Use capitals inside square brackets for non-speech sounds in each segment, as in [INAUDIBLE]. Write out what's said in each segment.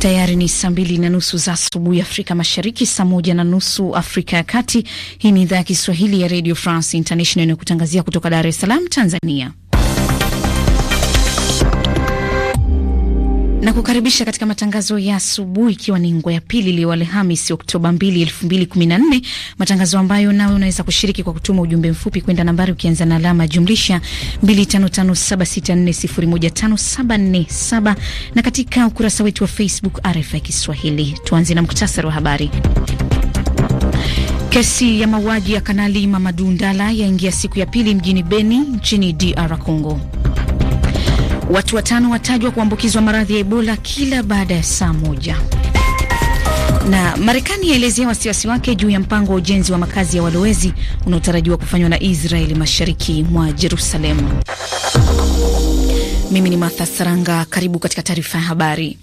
Tayari ni saa mbili na nusu za asubuhi Afrika Mashariki, saa moja na nusu Afrika ya Kati. Hii ni idhaa ya Kiswahili ya Radio France International inayokutangazia kutoka Dar es Salaam, Tanzania. na kukaribisha katika matangazo ya asubuhi, ikiwa ni ngwa ya pili leo Alhamisi Oktoba 2, 2014, matangazo ambayo nawe unaweza kushiriki kwa kutuma ujumbe mfupi kwenda nambari ukianza na alama jumlisha 255764015747 na katika ukurasa wetu wa Facebook RFI Kiswahili. Tuanze na muktasari wa habari. Kesi ya mauaji ya Kanali Mamadou Ndala yaingia siku ya pili mjini Beni nchini DR Congo. Watu watano watajwa kuambukizwa maradhi ya Ebola kila baada ya saa moja. Na Marekani yaelezea wasiwasi wake juu ya mpango wa ujenzi wa makazi ya walowezi unaotarajiwa kufanywa na Israeli mashariki mwa Jerusalemu. Mimi ni Martha Saranga, karibu katika taarifa ya habari.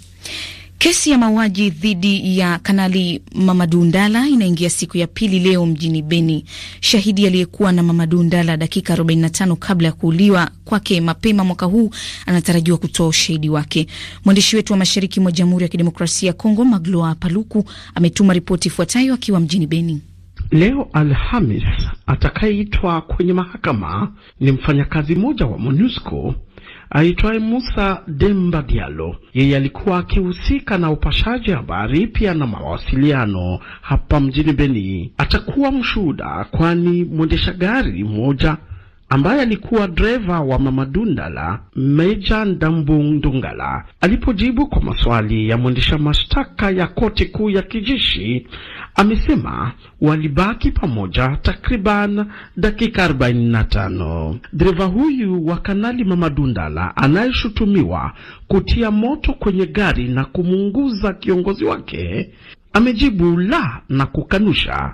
Kesi ya mauaji dhidi ya Kanali Mamadu Ndala inaingia siku ya pili leo mjini Beni. Shahidi aliyekuwa na Mamadu Ndala dakika 45 kabla ya kuuliwa kwake mapema mwaka huu anatarajiwa kutoa ushahidi wake. Mwandishi wetu wa mashariki mwa Jamhuri ya Kidemokrasia ya Kongo, Magloa Paluku, ametuma ripoti ifuatayo akiwa mjini Beni. Leo Alhamis, atakayeitwa kwenye mahakama ni mfanyakazi mmoja wa MONUSCO aitwaye Musa Demba Diallo. Yeye alikuwa akihusika na upashaji habari pia na mawasiliano hapa mjini Beni. Atakuwa mshuhuda, kwani mwendesha gari mmoja ambaye alikuwa dreva wa Mama Dundala, Meja ndungala alipojibu kwa maswali ya mwendesha mashtaka ya koti kuu ya kijeshi, amesema walibaki pamoja takriban dakika 45. Dereva huyu wa Kanali Mama Dundala anayeshutumiwa kutia moto kwenye gari na kumuunguza kiongozi wake amejibu la na kukanusha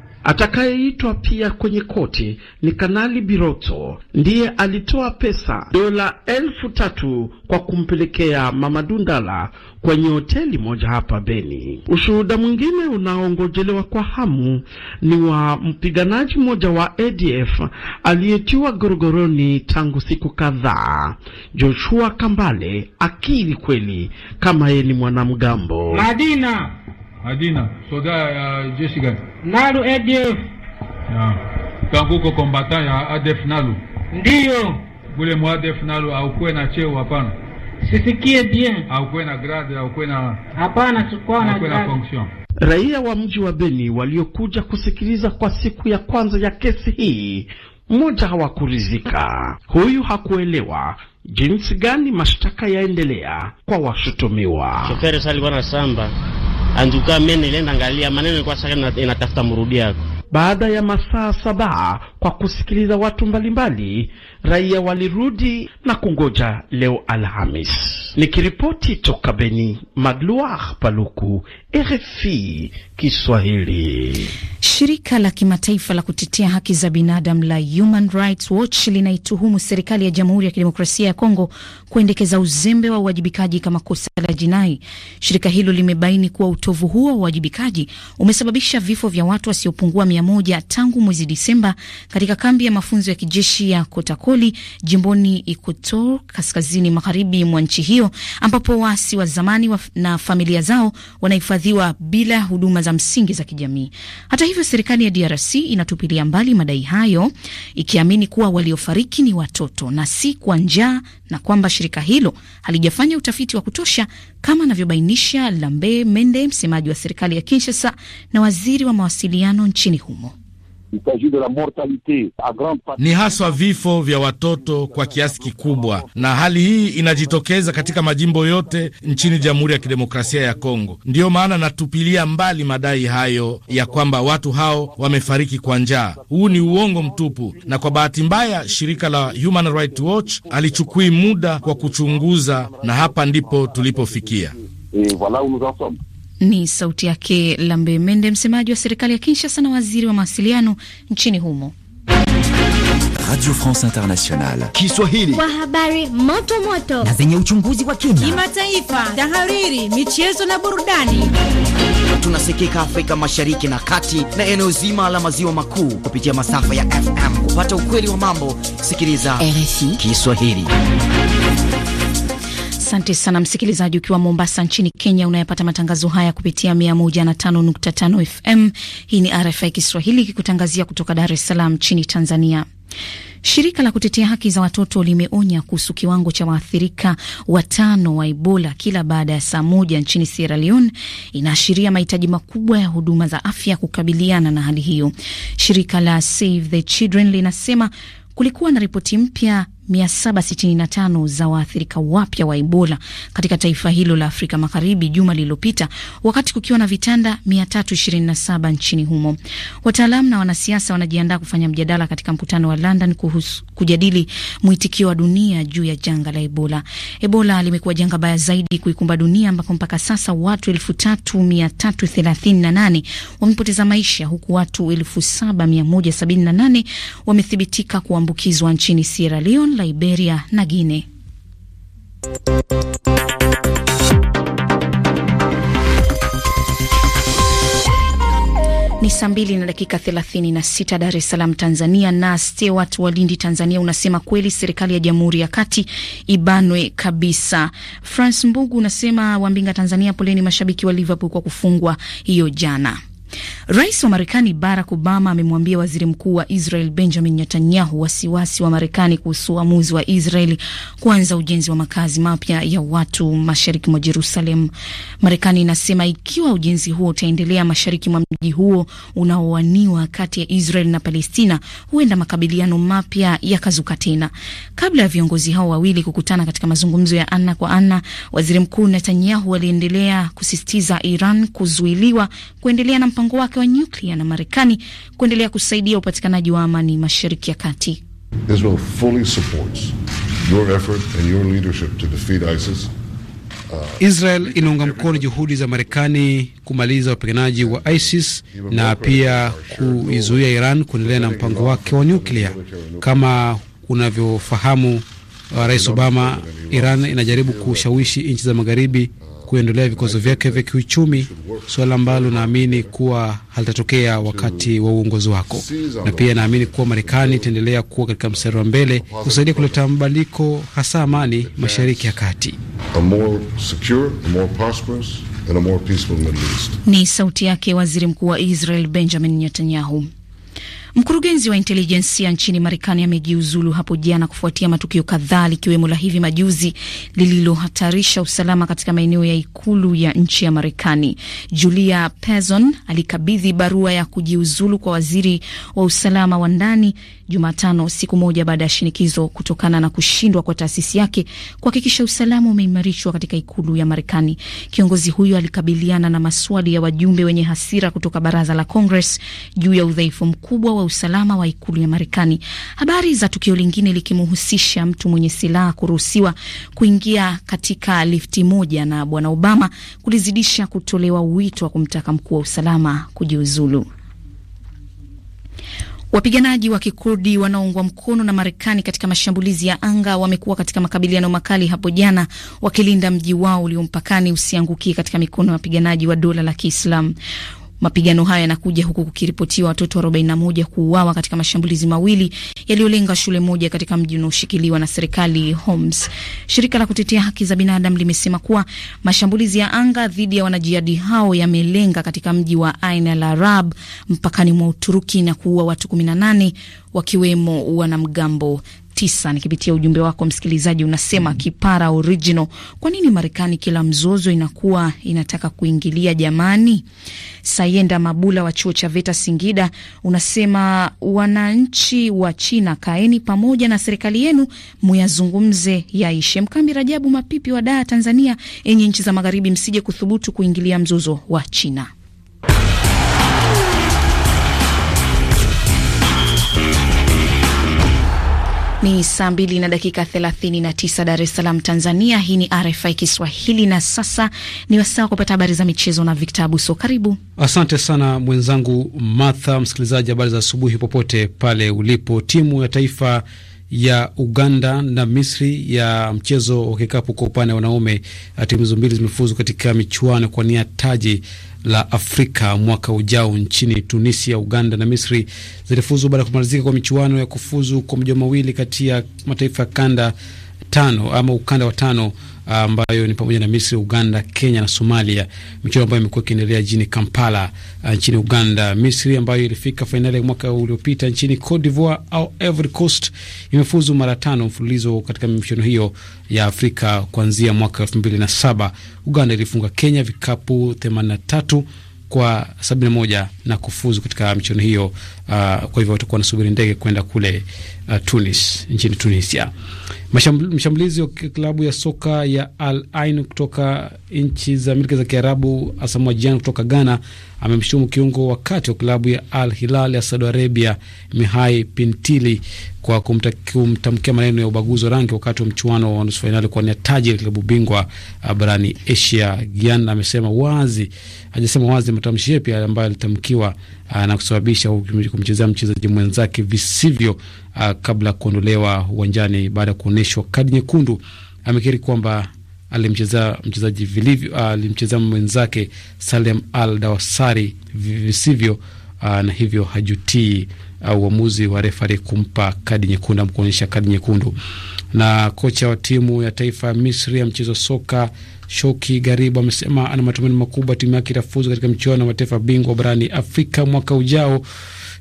Atakayeitwa pia kwenye koti ni Kanali Biroto, ndiye alitoa pesa dola elfu tatu kwa kumpelekea Mamadu Ndala kwenye hoteli moja hapa Beni. Ushuhuda mwingine unaongojelewa kwa hamu ni wa mpiganaji mmoja wa ADF aliyetiwa gorogoroni tangu siku kadhaa, Joshua Kambale akili kweli kama yeye ni mwanamgambo Madina Adina, soda ya uh, jeshi gani? Nalu ADF. Ya. Tangu uko kombata ya ADF Nalu? Ndiyo. Bule mu ADF Nalu haukuwe na cheo hapana? Sisikie bien. Haukuwe na grade, haukuwe na Hapana, sikuwa na grade. na Fonction. Raia wa mji wa Beni waliokuja kusikiliza kwa siku ya kwanza ya kesi hii, mmoja hawakuridhika. Huyu hakuelewa jinsi gani mashtaka yaendelea kwa washutumiwa. Shoferi alikuwa na Samba antuka mene ilenda angalia maneno ilikuwa sasa inatafuta mrudi yako. Baada ya masaa saba kwa kusikiliza watu mbalimbali, raia walirudi na kungoja leo Alhamis. Nikiripoti toka Beni, Magloire Paluku, RFI Kiswahili. Shirika la kimataifa la kutetea haki za binadamu la Human Rights Watch linaituhumu serikali ya Jamhuri ya Kidemokrasia ya Kongo kuendekeza uzembe wa uwajibikaji kama kosa la jinai. Shirika hilo limebaini kuwa utovu huo wa uwajibikaji umesababisha vifo vya watu wasiopungua mia moja tangu mwezi Disemba katika kambi ya mafunzo ya kijeshi ya Kotakoli jimboni Ikutor kaskazini magharibi mwa nchi hiyo ambapo waasi wa zamani wa na familia zao wanahifadhiwa bila huduma za msingi za kijamii. Hata hivyo, serikali ya DRC inatupilia mbali madai hayo ikiamini kuwa waliofariki ni watoto na si kwa njaa na kwamba shirika hilo halijafanya utafiti wa kutosha kama anavyobainisha Lambe Mende, msemaji wa serikali ya Kinshasa na waziri wa mawasiliano nchini humo. Ni haswa vifo vya watoto kwa kiasi kikubwa, na hali hii inajitokeza katika majimbo yote nchini Jamhuri ya Kidemokrasia ya Kongo. Ndiyo maana natupilia mbali madai hayo ya kwamba watu hao wamefariki kwa njaa. Huu ni uongo mtupu, na kwa bahati mbaya shirika la Human Rights Watch alichukui muda kwa kuchunguza, na hapa ndipo tulipofikia. voilà où nous en sommes. Ni sauti yake Lambe Mende, msemaji wa serikali ya Kinshasa na waziri wa mawasiliano nchini humo. Radio France Internationale Kiswahili, kwa habari moto moto na zenye uchunguzi wa kina, kimataifa, tahariri, michezo na burudani. Tunasikika Afrika Mashariki na Kati na eneo zima la maziwa makuu kupitia masafa ya FM. Kupata ukweli wa mambo, sikiliza RFI Kiswahili. Asante sana msikilizaji, ukiwa Mombasa nchini Kenya unayapata matangazo haya kupitia 105.5 FM. Hii ni RFI Kiswahili kikutangazia kutoka Dar es Salaam nchini Tanzania. Shirika la kutetea haki za watoto limeonya kuhusu kiwango cha waathirika watano wa Ebola kila baada ya saa moja nchini Sierra Leone. Inaashiria mahitaji makubwa ya huduma za afya kukabiliana na hali hiyo. Shirika la Save the Children linasema kulikuwa na ripoti mpya 765 za waathirika wapya wa Ebola katika taifa hilo la Afrika Magharibi juma lililopita, wakati kukiwa na vitanda 327 nchini humo. Wataalamu na wanasiasa wanajiandaa kufanya mjadala katika mkutano wa London kuhusu kujadili mwitikio wa dunia juu ya janga la Ebola. Ebola limekuwa janga baya zaidi kuikumba dunia ambapo mpaka sasa watu 3338 wamepoteza maisha huku watu 7178 wamethibitika kuambukizwa nchini Sierra Leone, Liberia na guine Ni saa mbili na dakika 36 Dar es Salaam, Tanzania. Na Stewart Walindi, Tanzania, unasema kweli serikali ya Jamhuri ya Kati ibanwe kabisa. France Mbugu unasema Wambinga, Tanzania, poleni mashabiki wa Liverpool kwa kufungwa hiyo jana. Rais wa Marekani Barack Obama amemwambia waziri mkuu wa Israel Benjamin Netanyahu wasiwasi wa Marekani kuhusu uamuzi wa Israeli kuanza ujenzi wa makazi mapya ya watu mashariki mwa Jerusalem. Marekani inasema ikiwa ujenzi huo utaendelea mashariki mwa mji huo unaowaniwa kati ya Israel na Palestina, huenda makabiliano mapya yakazuka tena. Kabla ya viongozi hao wawili kukutana katika mazungumzo ya ana kwa ana, waziri mkuu Netanyahu aliendelea kusisitiza Iran kuzuiliwa kuendelea na mpango wake wa nyuklia na Marekani kuendelea kusaidia upatikanaji wa amani Mashariki ya Kati. Israel fully supports your effort and your leadership to defeat ISIS. Uh, Israel inaunga mkono juhudi za Marekani kumaliza wapiganaji wa ISIS na pia kuizuia Iran kuendelea na mpango wake wa nyuklia. Kama unavyofahamu, uh, Rais Obama, Iran inajaribu kushawishi nchi za magharibi kuendelea vikwazo vyake vya kiuchumi, suala ambalo naamini kuwa halitatokea wakati wa uongozi wako, na pia naamini kuwa Marekani itaendelea kuwa katika mstari wa mbele kusaidia kuleta mabadiliko, hasa amani Mashariki ya Kati. Ni sauti yake Waziri Mkuu wa Israel Benjamin Netanyahu. Mkurugenzi wa intelijensia nchini Marekani amejiuzulu hapo jana kufuatia matukio kadhaa likiwemo la hivi majuzi lililohatarisha usalama katika maeneo ya ikulu ya nchi ya Marekani. Julia Pearson alikabidhi barua ya kujiuzulu kwa waziri wa usalama wa ndani Jumatano, siku moja baada ya shinikizo kutokana na kushindwa kwa taasisi yake kuhakikisha usalama umeimarishwa katika ikulu ya Marekani. Kiongozi huyo alikabiliana na maswali ya wajumbe wenye hasira kutoka baraza la Congress juu ya udhaifu mkubwa wa usalama wa ikulu ya Marekani. Habari za tukio lingine likimhusisha mtu mwenye silaha kuruhusiwa kuingia katika lifti moja na Bwana Obama kulizidisha kutolewa wito wa kumtaka mkuu wa usalama kujiuzulu. Wapiganaji wa kikurdi wanaoungwa mkono na Marekani katika mashambulizi ya anga wamekuwa katika makabiliano makali hapo jana, wakilinda mji wao ulio mpakani usiangukie katika mikono ya wapiganaji wa dola la Kiislamu. Mapigano haya yanakuja huku kukiripotiwa watoto 41 kuuawa katika mashambulizi mawili yaliyolenga shule moja katika mji unaoshikiliwa na serikali Homs. Shirika la kutetea haki za binadamu limesema kuwa mashambulizi ya anga dhidi ya wanajihadi hao yamelenga katika mji wa Ain al Arab mpakani mwa Uturuki na kuua watu 18 wakiwemo wanamgambo tisa. Nikipitia ujumbe wako msikilizaji, unasema mm. kipara original, kwa nini Marekani kila mzozo inakuwa inataka kuingilia jamani? Sayenda Mabula wa chuo cha VETA Singida unasema wananchi wa China kaeni pamoja na serikali yenu muyazungumze yaishe. Mkambi Rajabu Mapipi wa Daa Tanzania, enye nchi za magharibi msije kuthubutu kuingilia mzozo wa China. Ni saa mbili na dakika thelathini na tisa Dar es Salaam, Tanzania. Hii ni RFI Kiswahili na sasa ni wasaa wa kupata habari za michezo na Victor Abuso. Karibu. Asante sana mwenzangu Martha. Msikilizaji, habari za asubuhi popote pale ulipo. Timu ya taifa ya Uganda na Misri ya mchezo wa kikapu kwa upande wa wanaume, timu hizo mbili zimefuzu katika michuano kwa nia taji la Afrika mwaka ujao nchini Tunisia, Uganda na Misri zilifuzu baada ya kumalizika kwa michuano ya kufuzu kwa majua mawili kati ya mataifa ya kanda tano ama ukanda wa tano Ah, ambayo ni pamoja na Misri, Uganda, Kenya na Somalia, michezo ambayo imekuwa ikiendelea jijini Kampala ah, nchini Uganda. Misri ambayo ilifika fainali ya mwaka uliopita nchini Cote d'Ivoire au Ivory Coast imefuzu mara tano mfululizo katika michuano hiyo ya Afrika kuanzia mwaka elfu mbili na saba. Uganda ilifunga Kenya vikapu 83 kwa sabini moja na kufuzu katika michuano hiyo. Uh, kwa hivyo watakuwa wanasubiri ndege kwenda kule uh, Tunis, nchini Tunisia. Mshambulizi wa klabu ya soka ya Al Ain kutoka nchi za Amerika za Kiarabu, Asamoah Gyan kutoka Ghana, amemshutumu kiungo wa kati wa klabu ya Al Hilal ya Saudi Arabia, Mihai Pintili, kwa kumtamkia maneno ya ubaguzi wa rangi wakati wa mchuano wa nusu fainali kuwania taji la klabu bingwa uh, barani Asia. Gyan amesema wazi, hajasema wazi matamshi yapi ambayo alitamkiwa uh, na kusababisha kumchezea mchezaji mwenzake visivyo uh, kabla ya kuondolewa uwanjani baada ya kuonyeshwa kadi nyekundu. Amekiri kwamba alimchezea mchezaji vilivyo, ah, alimchezea mwenzake Salem Al dawasari visivyo uh, na hivyo hajutii uamuzi uh, wa refari kumpa kadi nyekundu ama kuonyesha kadi nyekundu. Na kocha wa timu ya taifa ya Misri ya mchezo soka Shoki Garibu amesema ana matumaini makubwa timu yake itafuzu katika mchuano wa mataifa bingwa barani Afrika mwaka ujao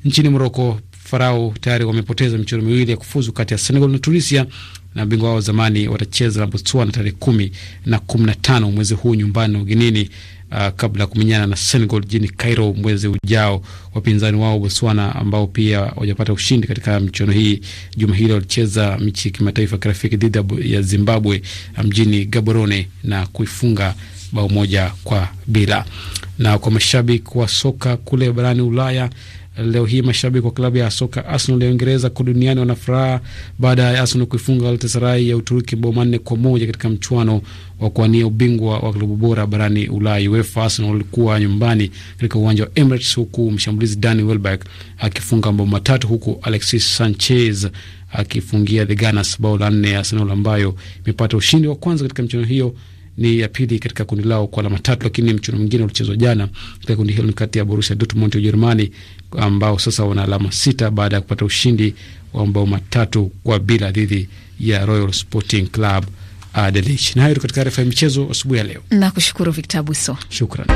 nchini Moroko. Farao tayari wamepoteza michuano miwili ya kufuzu kati ya Senegal na Tunisia, na bingwa wao zamani watacheza na Botswana tarehe kumi na kumi na tano mwezi huu nyumbani na ugenini uh, kabla ya kumenyana na Senegal jini Cairo mwezi ujao. Wapinzani wao Botswana ambao pia wajapata ushindi katika michuano hii juma hili walicheza michi ya kimataifa kirafiki dhidi ya Zimbabwe ah, mjini Gaborone na kuifunga bao moja kwa bila. Na kwa mashabiki wa soka kule barani Ulaya Leo hii mashabiki wa klabu ya soka Arsenal ya Uingereza kwa duniani wana furaha baada ya Arsenal kuifunga Galatasaray ya Uturuki bao manne kwa moja katika mchuano wa kuwania ubingwa wa klabu bora barani Ulaya. UEFA Arsenal walikuwa nyumbani katika uwanja wa Emirates, huku mshambulizi Danny Welbeck akifunga mabao matatu, huku Alexis Sanchez akifungia the Gunners bao la nne ya Arsenal ambayo imepata ushindi wa kwanza katika mchuano hiyo ni ya pili katika kundi lao kwa alama tatu, lakini mchuano mwingine ulichezwa jana katika kundi hilo ni kati ya Borussia Dortmund ya Ujerumani ambao sasa wana alama sita baada ya kupata ushindi wa mabao matatu kwa bila dhidi ya Royal Sporting Club Adelaide. Na hayo katika taarifa ya michezo asubuhi ya leo. Nakushukuru Victor Buso. Shukran.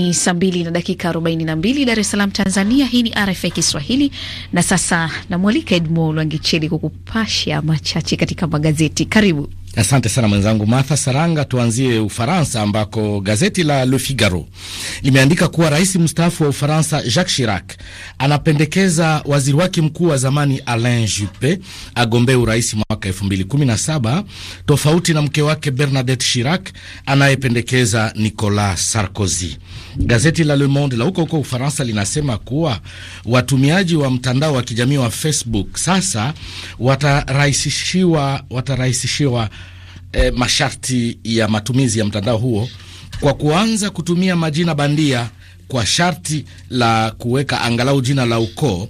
Ni saa mbili na dakika arobaini na mbili Dar es Salaam, Tanzania. Hii ni RFI Kiswahili na sasa namwalika Edmo Lwangicheli kukupasha machache katika magazeti. Karibu. Asante sana mwenzangu Martha Saranga. Tuanzie Ufaransa, ambako gazeti la Le Figaro limeandika kuwa rais mstaafu wa Ufaransa Jacques Chirac anapendekeza waziri wake mkuu wa zamani Alain Juppe agombee urais mwaka 2017 tofauti na mke wake Bernadette Chirac anayependekeza Nicolas Sarkozy. Gazeti la Le Monde la huko huko Ufaransa linasema kuwa watumiaji wa mtandao wa kijamii wa Facebook sasa watarahisishiwa watarahisishiwa eh, masharti ya matumizi ya mtandao huo kwa kuanza kutumia majina bandia kwa sharti la kuweka angalau jina la ukoo,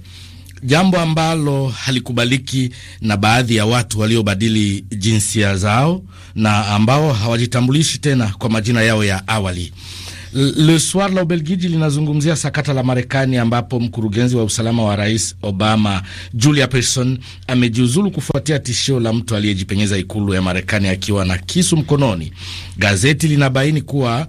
jambo ambalo halikubaliki na baadhi ya watu waliobadili jinsia zao na ambao hawajitambulishi tena kwa majina yao ya awali. Le Soir la Ubelgiji linazungumzia sakata la Marekani ambapo mkurugenzi wa usalama wa Rais Obama Julia Pearson amejiuzulu kufuatia tishio la mtu aliyejipenyeza ikulu ya Marekani akiwa na kisu mkononi. Gazeti linabaini kuwa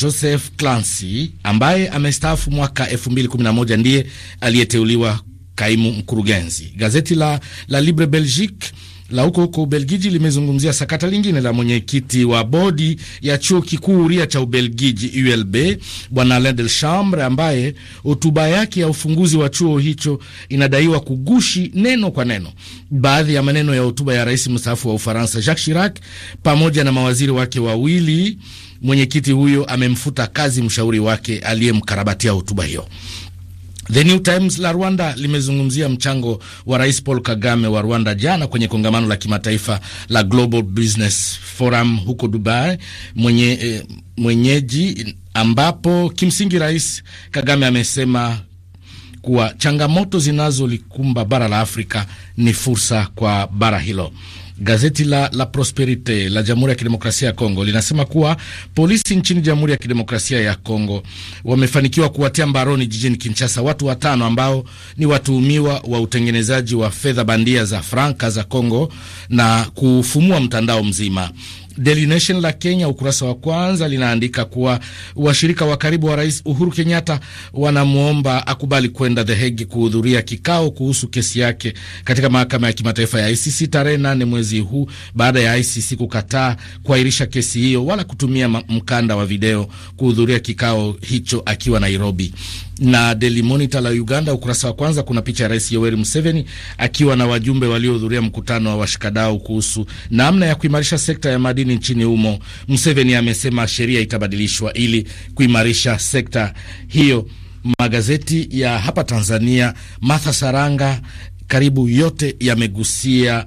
Joseph Clancy ambaye amestaafu mwaka 2011 ndiye aliyeteuliwa kaimu mkurugenzi. Gazeti la, la Libre Belgique la huko huko Ubelgiji limezungumzia sakata lingine la mwenyekiti wa bodi ya chuo kikuu huria cha Ubelgiji ULB Bwana Alain Delchambre, ambaye hotuba yake ya ufunguzi wa chuo hicho inadaiwa kugushi neno kwa neno baadhi ya maneno ya hotuba ya rais mstaafu wa Ufaransa Jacques Chirac pamoja na mawaziri wake wawili. Mwenyekiti huyo amemfuta kazi mshauri wake aliyemkarabatia hotuba hiyo. The New Times la Rwanda limezungumzia mchango wa Rais Paul Kagame wa Rwanda jana kwenye kongamano la kimataifa la Global Business Forum huko Dubai mwenye, eh, mwenyeji ambapo kimsingi Rais Kagame amesema kuwa changamoto zinazolikumba bara la Afrika ni fursa kwa bara hilo. Gazeti la La Prosperite la Jamhuri ya Kidemokrasia ya Kongo linasema kuwa polisi nchini Jamhuri ya Kidemokrasia ya Kongo wamefanikiwa kuwatia mbaroni jijini Kinshasa watu watano ambao ni watuhumiwa wa utengenezaji wa fedha bandia za franka za Kongo na kufumua mtandao mzima. Daily Nation la Kenya ukurasa wa kwanza linaandika kuwa washirika wa karibu wa Rais Uhuru Kenyatta wanamwomba akubali kwenda The Hague kuhudhuria kikao kuhusu kesi yake katika mahakama ya kimataifa ya ICC tarehe nane mwezi huu baada ya ICC kukataa kuahirisha kesi hiyo wala kutumia mkanda wa video kuhudhuria kikao hicho akiwa Nairobi na Daily Monitor la Uganda, ukurasa wa kwanza, kuna picha ya Rais Yoweri Museveni akiwa na wajumbe waliohudhuria mkutano wa washikadau kuhusu namna ya kuimarisha sekta ya madini nchini humo. Museveni amesema sheria itabadilishwa ili kuimarisha sekta hiyo. Magazeti ya hapa Tanzania, Martha Saranga, karibu yote yamegusia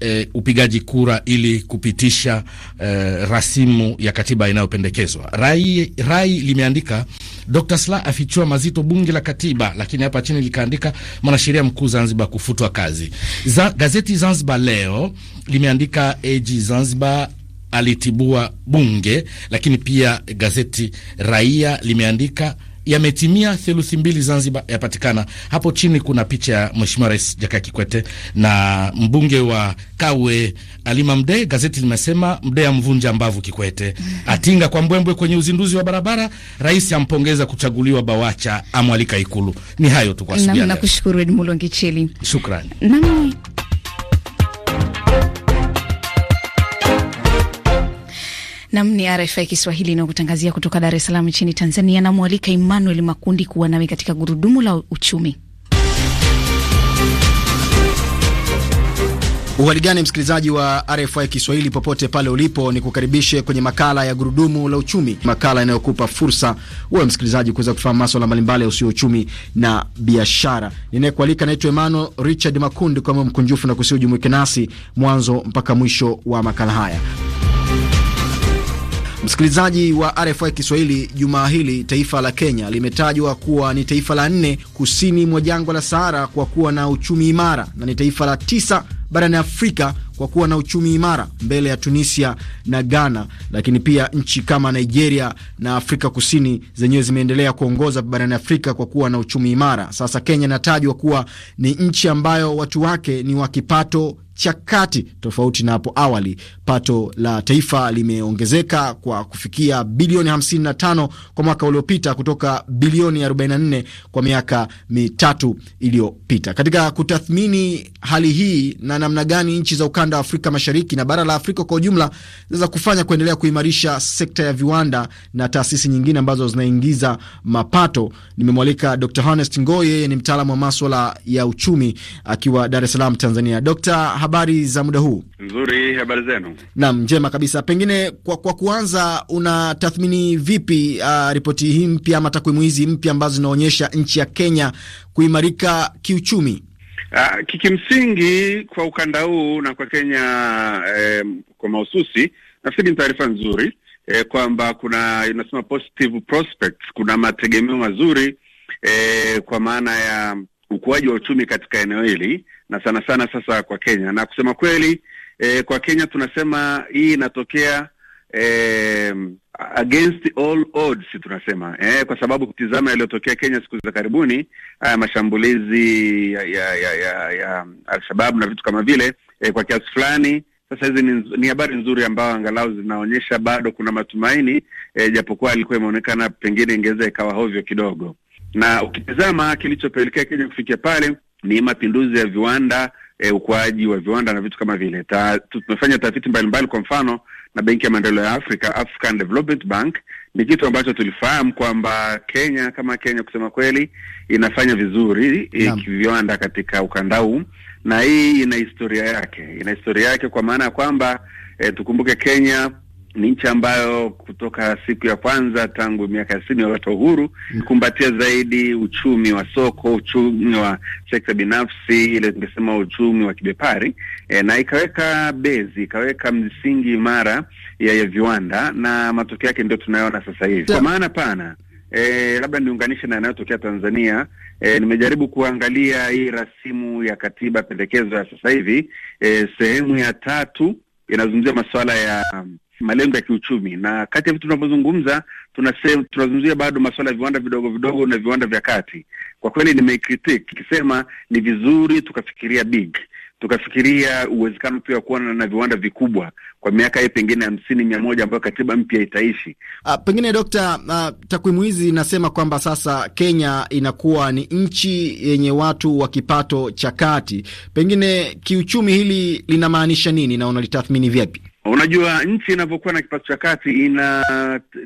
eh, upigaji kura ili kupitisha eh, rasimu ya katiba inayopendekezwa. Rai, Rai limeandika Dr. Sla afichua mazito bunge la katiba, lakini hapa chini likaandika mwanasheria mkuu Zanzibar kufutwa kazi. Za, gazeti Zanzibar leo limeandika AG Zanzibar alitibua bunge, lakini pia gazeti Raia limeandika yametimia, theluthi mbili Zanzibar yapatikana. Hapo chini kuna picha ya Mheshimiwa Rais Jakaya Kikwete na mbunge wa Kawe Alima Mdee. Gazeti limesema Mdee amvunja mbavu Kikwete, [LAUGHS] atinga kwa mbwembwe kwenye uzinduzi wa barabara, rais ampongeza kuchaguliwa BAWACHA, amwalika Ikulu. Ni hayo tu kwa asubuhi. Nakushukuru shukrani. Nam ni RFI Kiswahili inayokutangazia kutoka Dar es Salaam nchini Tanzania. Namwalika Emmanuel Makundi kuwa nawe katika gurudumu la uchumi. Uhaligani msikilizaji wa RFI Kiswahili popote pale ulipo, ni kukaribishe kwenye makala ya gurudumu la uchumi, makala inayokupa fursa wewe msikilizaji kuweza kufahamu maswala mbalimbali ya usio uchumi na biashara. Ninayekualika naitwa Emmanuel Richard Makundi, kwa mkunjufu na kusiujumuike nasi mwanzo mpaka mwisho wa makala haya. Msikilizaji wa RFI Kiswahili, jumaa hili taifa la Kenya limetajwa kuwa ni taifa la nne kusini mwa jangwa la Sahara kwa kuwa na uchumi imara na ni taifa la tisa barani Afrika kwa kuwa na uchumi imara mbele ya Tunisia na Ghana, lakini pia nchi kama Nigeria na Afrika Kusini zenyewe zimeendelea kuongoza barani Afrika kwa kuwa na uchumi imara. Sasa Kenya inatajwa kuwa ni nchi ambayo watu wake ni wa kipato cha kati, tofauti na hapo awali. Pato la taifa limeongezeka kwa kufikia bilioni 55 kwa mwaka uliopita kutoka bilioni 44 kwa miaka mitatu iliyopita. Katika kutathmini hali hii na namna gani nchi za ukanda wa Afrika Mashariki na bara la Afrika kwa ujumla zinaweza kufanya kuendelea kuimarisha sekta ya viwanda na taasisi nyingine ambazo zinaingiza mapato, nimemwalika Dr. Honest Ngoye, ni mtaalamu wa maswala ya uchumi akiwa Dar es Salaam, Tanzania. Dr habari za muda huu? Nzuri, habari zenu? Naam, njema kabisa. Pengine kwa, kwa kuanza, unatathmini vipi uh, ripoti hii mpya ama takwimu hizi mpya ambazo zinaonyesha nchi ya Kenya kuimarika kiuchumi? Uh, ah, kimsingi kwa ukanda huu na kwa Kenya eh, kwa mahususi nafikiri ni taarifa nzuri eh, kwamba kuna inasema positive prospects, kuna mategemeo mazuri eh, kwa maana ya ukuaji wa uchumi katika eneo hili na sana sana sasa kwa Kenya. Na kusema kweli eh, kwa Kenya tunasema hii inatokea eh, against all odds tunasema eh, kwa sababu kutizama yaliyotokea Kenya siku za karibuni, haya mashambulizi ya ya ya, ya, ya Alshababu na vitu kama vile eh, kwa kiasi fulani sasa hizi ni habari nzuri ambayo angalau zinaonyesha bado kuna matumaini eh, japokuwa alikuwa imeonekana pengine ingeweza ikawa hovyo kidogo. Na ukitizama kilichopelekea Kenya kufikia pale ni mapinduzi ya viwanda e, ukuaji wa viwanda na vitu kama vile. Ta, tumefanya tafiti mbalimbali, kwa mfano na Benki ya Maendeleo ya Afrika, African Development Bank. Ni kitu ambacho tulifahamu kwamba Kenya kama Kenya, kusema kweli, inafanya vizuri e, kiviwanda katika ukanda huu, na hii ina historia yake, ina historia yake kwa maana ya kwamba e, tukumbuke Kenya ni nchi ambayo kutoka siku ya kwanza tangu miaka ya sitini wakati uhuru mm. kumbatia zaidi uchumi wa soko, uchumi wa sekta binafsi, ile tungesema uchumi wa kibepari e, na ikaweka bezi, ikaweka msingi imara ya, ya viwanda na matokeo yake ndio tunayoona sasa hivi kwa maana pana E, labda niunganishe na yanayotokea Tanzania. E, nimejaribu kuangalia hii rasimu ya katiba pendekezo ya sasa hivi. E, sehemu ya tatu inazungumzia masuala ya um, malengo ya kiuchumi, na kati ya vitu tunavyozungumza tunazungumzia bado masuala ya viwanda vidogo vidogo na viwanda vya kati. Kwa kweli nimeicritique ikisema ni vizuri tukafikiria big tukafikiria uwezekano pia wa kuwa na viwanda vikubwa kwa miaka hii pengine hamsini mia moja ambayo katiba mpya itaishi. A, ah, pengine Dokta, ah, takwimu hizi inasema kwamba sasa Kenya inakuwa ni nchi yenye watu wa kipato cha kati. Pengine kiuchumi hili linamaanisha nini na unalitathmini vipi? Unajua, nchi inavyokuwa na kipato cha kati ina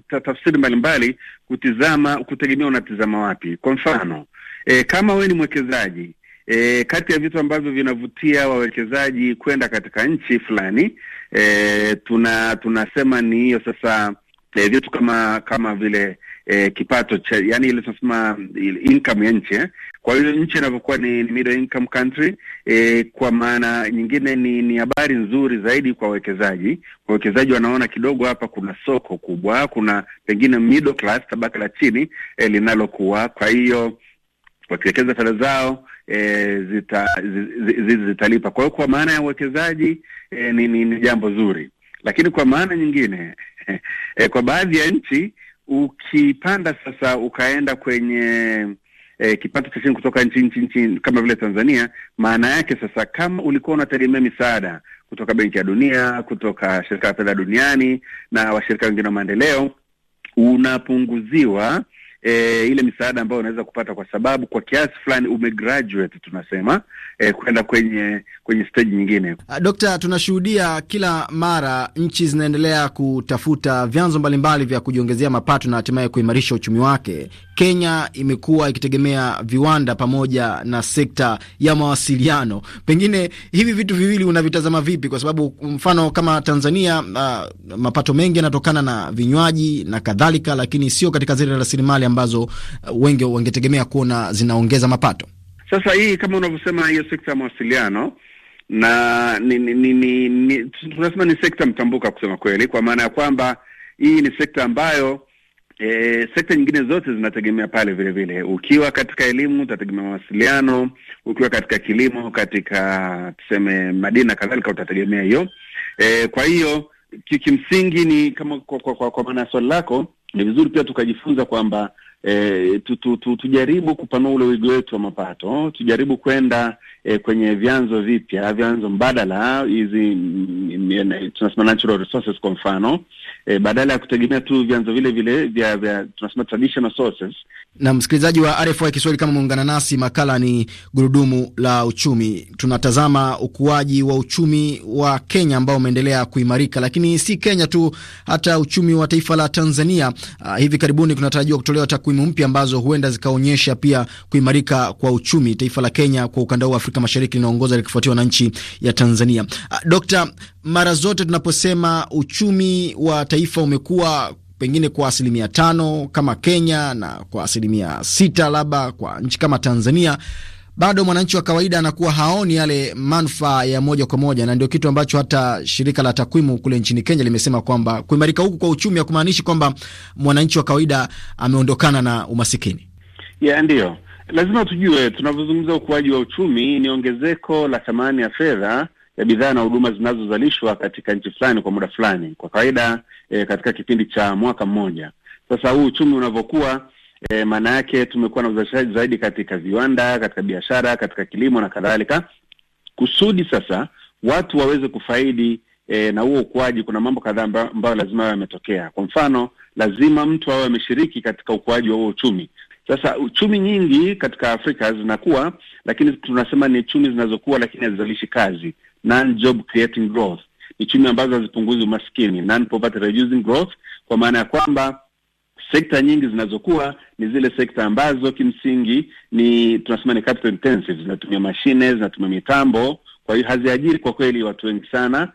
ta tafsiri mbalimbali kutizama, kutegemea unatizama wapi. Kwa mfano e, kama wewe ni mwekezaji E, kati ya vitu ambavyo vinavutia wawekezaji kwenda katika nchi fulani e, tuna tunasema ni hiyo sasa e, vitu kama kama vile e, kipato cha, yani ile tunasema income ya nchi eh? Kwa hiyo nchi inavyokuwa ni middle income country e, kwa maana nyingine ni ni habari nzuri zaidi kwa wawekezaji. Wawekezaji wanaona kidogo hapa kuna soko kubwa, kuna pengine middle class, tabaka la chini e, linalokuwa. Kwa hiyo wakiwekeza fedha zao E, zita, zi, zi, zi, zitalipa. Kwa hiyo kwa maana ya uwekezaji e, ni, ni, ni jambo zuri, lakini kwa maana nyingine [LAUGHS] e, kwa baadhi ya nchi ukipanda sasa ukaenda kwenye eh, kipato cha chini kutoka nchi nchi nchi kama vile Tanzania. Maana yake sasa, kama ulikuwa unategemea misaada kutoka Benki ya Dunia, kutoka Shirika la Fedha Duniani na washirika wengine wa maendeleo, unapunguziwa e, ile misaada ambayo unaweza kupata, kwa sababu kwa kiasi fulani umegraduate tunasema e, kwenda kwenye kwenye stage nyingine. Ah, dokta, tunashuhudia kila mara nchi zinaendelea kutafuta vyanzo mbalimbali vya kujiongezea mapato na hatimaye kuimarisha uchumi wake. Kenya imekuwa ikitegemea viwanda pamoja na sekta ya mawasiliano. Pengine hivi vitu viwili unavitazama vipi? Kwa sababu mfano kama Tanzania, uh, mapato mengi yanatokana na vinywaji na kadhalika, lakini sio katika zile rasilimali ambazo uh, wengi wangetegemea kuona zinaongeza mapato. Sasa hii kama unavyosema, hiyo sekta ya mawasiliano na ni, ni, ni, ni, tunasema ni sekta mtambuka kusema kweli, kwa maana ya kwamba hii ni sekta ambayo E, sekta nyingine zote zinategemea pale vile vile. Ukiwa katika elimu utategemea mawasiliano, ukiwa katika kilimo, katika tuseme madini na kadhalika utategemea hiyo. E, kwa hiyo kimsingi ni kama kwa, kwa, kwa, kwa maana ya swali lako ni vizuri pia tukajifunza kwamba e, tu, tu, tu, tujaribu kupanua ule wigo wetu wa mapato, tujaribu kwenda e, kwenye vyanzo vipya, vyanzo mbadala, hizi mm, mm, mm, tunasema natural resources kwa mfano e, badala ya kutegemea tu vyanzo vile vile vya, vya tunasema traditional sources. Na msikilizaji wa RFI Kiswahili, kama muungana nasi, makala ni gurudumu la uchumi. Tunatazama ukuaji wa uchumi wa Kenya ambao umeendelea kuimarika, lakini si Kenya tu, hata uchumi wa taifa la Tanzania. Uh, hivi karibuni kunatarajiwa kutolewa takwimu takwimu mpya ambazo huenda zikaonyesha pia kuimarika kwa uchumi taifa la Kenya kwa ukanda wa Afrika Mashariki linaongoza likifuatiwa na nchi ya Tanzania. Ah, dokta, mara zote tunaposema uchumi wa taifa umekuwa pengine kwa asilimia tano kama Kenya na kwa asilimia sita labda kwa nchi kama Tanzania bado mwananchi wa kawaida anakuwa haoni yale manufaa ya moja kwa moja, na ndio kitu ambacho hata shirika la takwimu kule nchini Kenya limesema kwamba kuimarika huku kwa uchumi hakumaanishi kwamba mwananchi wa kawaida ameondokana na umasikini. Yeah, ndiyo lazima tujue, tunavyozungumza ukuaji wa uchumi ni ongezeko la thamani ya fedha ya bidhaa na huduma zinazozalishwa katika nchi fulani kwa muda fulani, kwa kawaida eh, katika kipindi cha mwaka mmoja. Sasa huu uchumi unavyokuwa E, maana yake tumekuwa na uzalishaji zaidi katika viwanda, katika biashara, katika kilimo na kadhalika, kusudi sasa watu waweze kufaidi e, na huo ukuaji. Kuna mambo kadhaa ambayo lazima awe ametokea Kwa mfano, lazima mtu awe ameshiriki katika ukuaji wa huo uchumi. Sasa uchumi nyingi katika Afrika zinakuwa, lakini tunasema ni chumi zinazokuwa lakini hazizalishi kazi, non job creating growth. Ni chumi ambazo hazipunguzi umaskini, non poverty reducing growth, kwa maana ya kwamba Sekta nyingi zinazokuwa ni zile sekta ambazo kimsingi ni tunasema ni capital intensive, zinatumia mashine, zinatumia mitambo, kwa hiyo haziajiri kwa kweli watu wengi sana.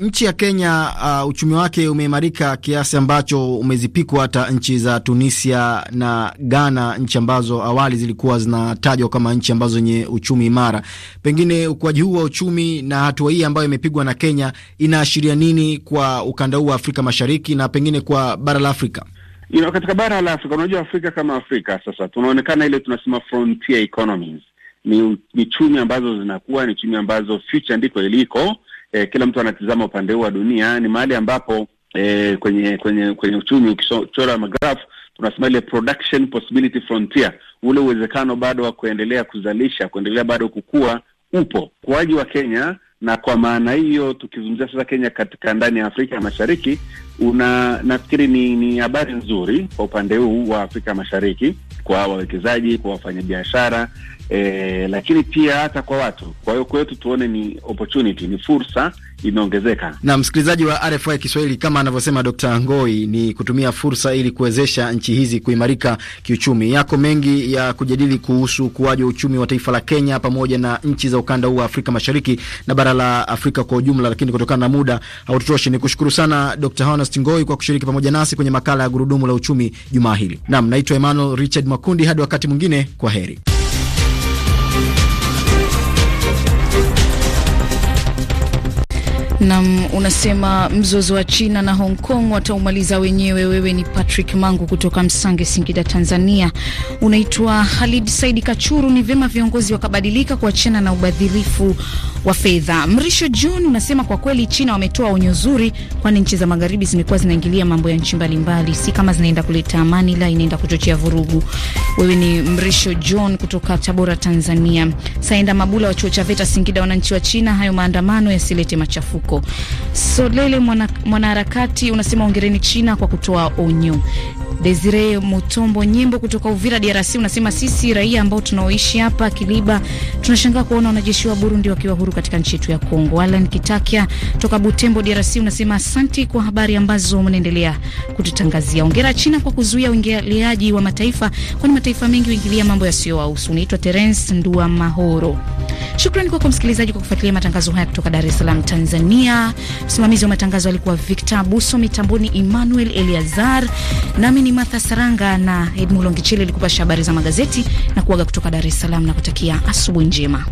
Nchi ya Kenya uh, uchumi wake umeimarika kiasi ambacho umezipikwa hata nchi za Tunisia na Ghana, nchi ambazo awali zilikuwa zinatajwa kama nchi ambazo zenye uchumi imara. Pengine ukuaji huu wa uchumi na hatua hii ambayo imepigwa na Kenya inaashiria nini kwa ukanda huu wa Afrika Mashariki na pengine kwa bara la Afrika? you know, katika bara la Afrika, unajua Afrika kama Afrika sasa tunaonekana ile tunasema frontier economies ni, ni chumi ambazo zinakuwa ni chumi ambazo future ndiko iliko. Eh, kila mtu anatizama upande huu wa dunia, ni mahali ambapo eh, kwenye kwenye kwenye uchumi ukichora magrafu tunasema ile production possibility frontier, ule uwezekano bado wa kuendelea kuzalisha, kuendelea bado kukua upo. Ukuaji wa Kenya na kwa maana hiyo tukizungumzia sasa Kenya katika ndani ya Afrika Mashariki, una nafikiri ni ni habari nzuri kwa upande huu wa Afrika Mashariki, kwa wawekezaji, kwa wafanyabiashara eh, lakini pia hata kwa watu. Kwa hiyo kwetu tuone ni opportunity, ni fursa imeongezeka. Na msikilizaji wa RFI Kiswahili, kama anavyosema Dr. Ngoi, ni kutumia fursa ili kuwezesha nchi hizi kuimarika kiuchumi. Yako mengi ya kujadili kuhusu ukuaji wa uchumi wa taifa la Kenya pamoja na nchi za ukanda huu wa Afrika Mashariki na bara la Afrika kwa ujumla, lakini kutokana na muda hautotoshi, ni kushukuru sana Dr. Honest Ngoi kwa kushiriki pamoja nasi kwenye makala ya gurudumu la uchumi jumaa hili. Naam, naitwa Emmanuel Richard Makundi, hadi wakati mwingine, kwa heri. Nam unasema mzozo wa China na Hong Kong wataumaliza wenyewe. Wewe ni Patrick Mangu kutoka Msange, Singida, Tanzania. Unaitwa Halid Saidi Kachuru, ni vyema viongozi wakabadilika kuachana na ubadhirifu wa fedha. Mrisho John unasema kwa kweli China wametoa onyo zuri, kwani nchi za magharibi zimekuwa zinaingilia mambo ya nchi mbalimbali, si kama zinaenda kuleta amani, la inaenda kuchochea vurugu. Wewe ni Mrisho John kutoka Tabora, Tanzania. Saenda Mabula wa chuo cha VETA Singida, wananchi wa China, hayo maandamano yasilete machafuko yako. Solele mwanaharakati mwana unasema ongereni China kwa kutoa onyo. Desire Mutombo Nyimbo kutoka Uvira DRC unasema sisi raia ambao tunaoishi hapa Kiliba tunashangaa kuona wanajeshi wa Burundi wakiwa huru katika nchi yetu ya Kongo. Alan Kitakia toka Butembo DRC unasema asanti kwa habari ambazo mnaendelea kututangazia. Ongera China kwa kuzuia uingiliaji wa mataifa, kwani mataifa mengi huingilia mambo yasiyowahusu. Unaitwa Terence Ndua Mahoro. Shukrani kwako msikilizaji kwa kufuatilia matangazo haya kutoka Dar es Salaam, Tanzania. Tanzania. Msimamizi wa matangazo alikuwa Victor Buso, mitamboni Emmanuel Eliazar, nami ni Martha Saranga na Edmund Longichile alikupasha habari za magazeti na kuaga kutoka Dar es Salaam na kutakia asubuhi njema.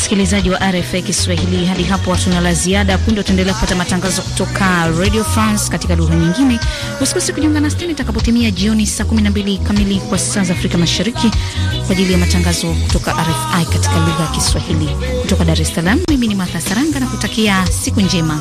msikilizaji wa RFA Kiswahili. Hadi hapo hatuna la ziada. Punde utaendelea kupata matangazo kutoka Radio France katika lugha nyingine. Usikose kujiunga na tena itakapotimia jioni saa 12 kamili kwa saa za Afrika Mashariki kwa ajili ya matangazo kutoka RFI katika lugha ya Kiswahili. Kutoka Dar es Salaam, mimi ni Martha Saranga na kutakia siku njema.